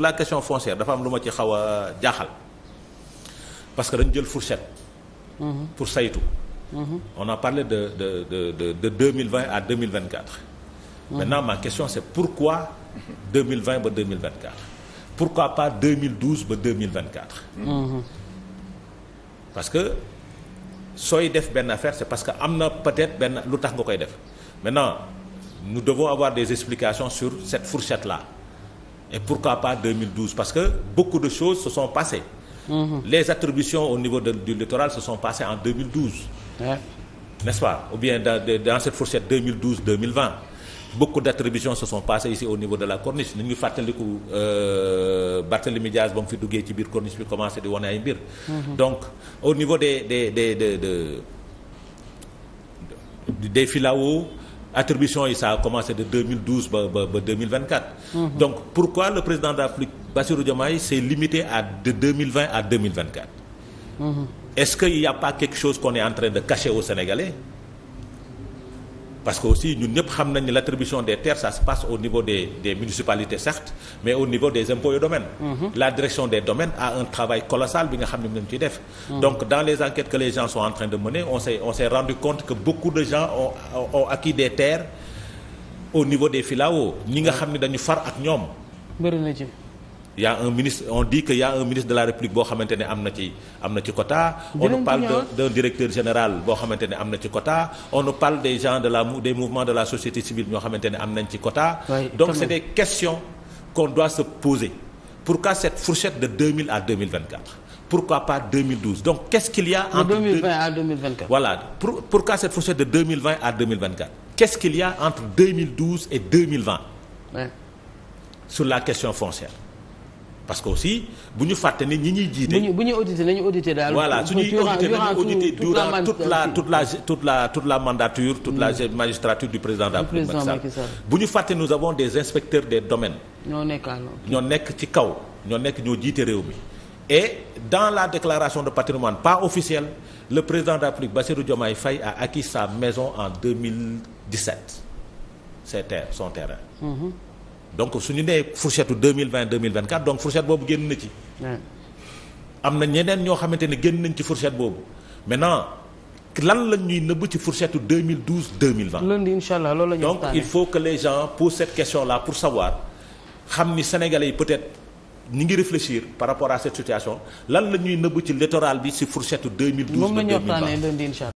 la question foncière dafa am lu ma ci xaw a euh, jaaxal parce que dañu jël fourchette. Mhm. pour saytu. Mhm. on a parlé de de de de de deux mille vingt à deux mille vingt quatre. Mhm. maintenant ma question c'est pourquoi deux mille vingt ba deux mille vingt quatre pourquoi pas deux mille douze ba deux mille vingt quatre. parce que sooy def benn affaire c'est parce que am na peut-être benn lu tax nga koy def maintenant nous devons avoir des explications sur cette fourchette là. et pourquoi pas 2012 parce que beaucoup de choses se sont passées. Mmh. Les attributions au niveau de, du littoral se sont passées en N'est-ce pas? Ou bien dans, dans cette fourchette 2012-2020. Beaucoup d'attributions se sont passées ici au niveau de la corniche ni ñu fàttaliku euh, Barthélémy Diaz ba mu fi duggee ci biir corniche bi commencé di wane ay mbir. Mhm. donc au niveau des des des de, de, des attribution yi ça a commencé de 2012 ba ba ba 2024. Mhm. donc pourquoi le président de la République Bassirou Diomaye s'est à de 2020 à 2024. Mhm. est-ce que il y a pas quelque chose qu'on est de cacher aux Sénégalais. parce que aussi ñun ñëpp xam nañ ne l'attribution des terres ça se passe au niveau des des municipalités certes mais au niveau des impôts et domaines. Mhm. la direction des domaines a un travail colossal bi nga xam ne moom ciy def. Mhm. donc dans les enquêtes que les gens sont en train de mener on s'est on s'est rendu compte que beaucoup de gens ont acquis des terres au niveau des filao ñi nga xam ne dañu far ak ñoom. y a un ministre on dit que y a un ministre de la République boo xamante ne am na ci am na quota on nous parle d'un directeur général boo xamante ne am na ci quota on nous parle des gens de la des mouvements de la société civile ñoo xamante ne am nañ ci quota donc c'est des questions qu'on doit se poser pourquoi cette fourchette de à 2024 pourquoi a entre 2020 à 2024 voilà pour pourquoi cette fourchette de 2020 à 2024 qu'est-ce qu'il y a entre 2012 et 2020 sur la question foncière parce que aussi bu ñu fàtte ni ñi ñuy jiite. bu ñu bu ñu audité la ñu audité daal. voilà su ñuy audité la ñu audité la euh, toute la toute la toute la mandature. toute la mm-hmm. magistrature du président. du président Macky Sall bu ñu fàtte nous avons des inspecteurs des domaines. ñoo nekk ñoo nekk ci kaw ñoo nekk ñoo jiite réew mi. et dans la déclaration de patrimoine pas officielle le président de la République Bassirou Diomaye Faye a acquis sa maison en 2017 ses terres son terrain. Mm-hmm. donc su ñu nee fourchette deux mille vingt deux mille vingt donc fourchette boobu génn na ci. am na ñeneen ñoo xamante ne génn nañ ci fourchette boobu maintenant lan la ñuy nëbb ci fourchette deux mille douze deux mille vingt. lundi incha allah loolu la ñuy donc il faut que les gens posent cette question là pour savoir xam ni sénégalais yi peut-être. ñi ngi réfléchir par rapport à cette situation lan la ñuy nëbb ci littoral bi ci fourchette 2012 ba 2020 moom la ñu waxtaanee lundi incha